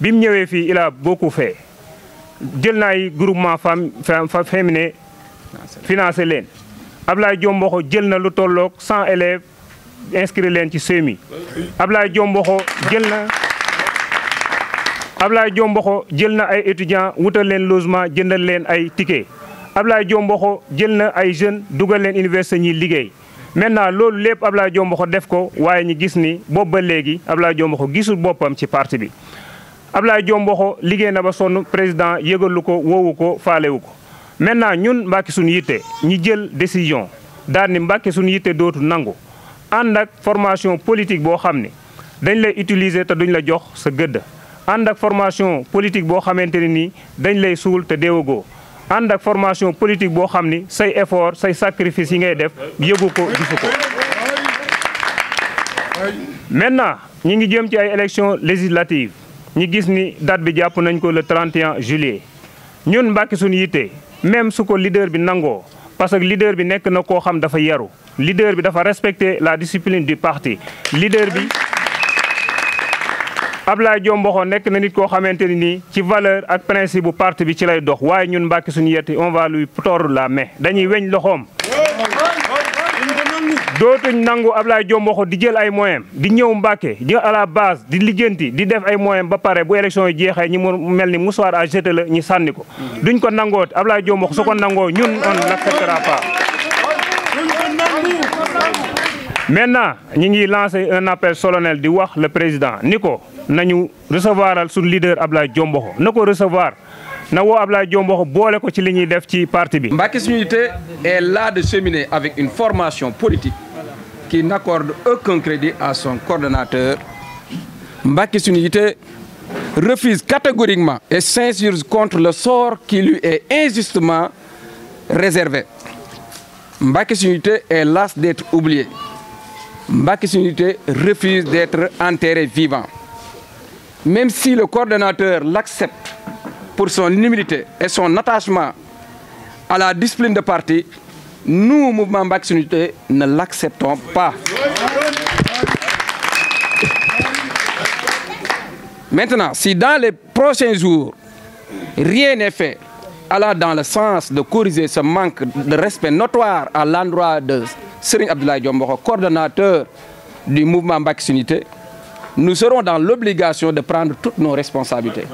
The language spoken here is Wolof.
bi mu ñëwee fii il a beaucoup fait jël na ay groupement femme féminin financé leen Ablaye Diomboxo jël na lu tollook cent élèves inscrit leen ci semi Ablaye Diomboxo jël na Ablaye Diomboxo jël na ay étudiants wutal leen logement jëndal leen ay ab Ablaye Diomboxo jël na ay jeunes dugal leen université ñuy liggéey maintenant loolu lépp Ablaye Diomboxo def ko waaye ñu gis ni boobu ba léegi Ablaye Diomboxo gisul boppam ci parti bi Ablaye Diop Mboxo liggéey na ba sonn président yëgalu ko woowu ko faalewu ko maintenant ñun Mbàkke suñu yitte ñi jël décision daal ni Mbàkke suñu yitte dootu nangu ànd ak formation politique boo xam ni dañ lay utiliser te duñ la jox sa gëdd ànd ak formation politique boo xamante ne nii dañ lay suul te déewagoo ànd ak formation politique boo xam ni say effort say sacrifice yi ngay def yëgu ko gisu ko maintenant ñi ngi jëm ci ay élections législatives ñi gis ni date bi jàpp nañ ko le 31 juillet ñun Mbàkke suñu yitte même su ko leader bi nangoo parce que leader bi nekk na koo xam dafa yaru leader bi dafa respecter la discipline du parti leader bi Ablaye Diom Bokho nekk na nit koo xamante ne nii ci valeur ak principe bu parti bi ci lay dox waaye ñun Mbàkke suñu yetti on va lui la main dañuy weñ loxoom dootuñ nangu ab Diop Mbokho di jël ay moyens di ñëw Mbacke di à la base di lijjanti di def ay moyens ba pare bu élection yi jeexee ñi mu mel ni moussoir à jeter la ñu sànni ko. duñ ko nangoot Ablaye Diop Mbokho su ko nangoo ñun on n'acceptera pas. maintenant ñi ngi lancé un appel solennel di wax le président ni ko nañu recevoiral suñu leader ab Diop Mbokho na ko recevoir. na woo Abdoulaye Diop Mbokho boole ko ci li ñuy def ci parti bi. Mbacké Suñu Unité est là de cheminer avec formation politique qui n'accorde aucun crédit à son coordonnateur. Mbaki Sunité refuse catégoriquement et s'insurge contre le sort qui lui est injustement réservé. Mbaki Sunité est las d'être oublié. Mbaki Sunité refuse d'être enterré vivant. Même si le coordonnateur l'accepte pour son humilité et son attachement à la discipline de partie nous, au mouvement ne l'acceptons pas. Maintenant, si dans les prochains jours, rien n'est fait, dans le sens de corriger ce manque de respect notoire à l'endroit de Serigne Abdoulaye Diombo, coordonnateur du mouvement Bac Unité, nous serons dans l'obligation de prendre toutes nos responsabilités.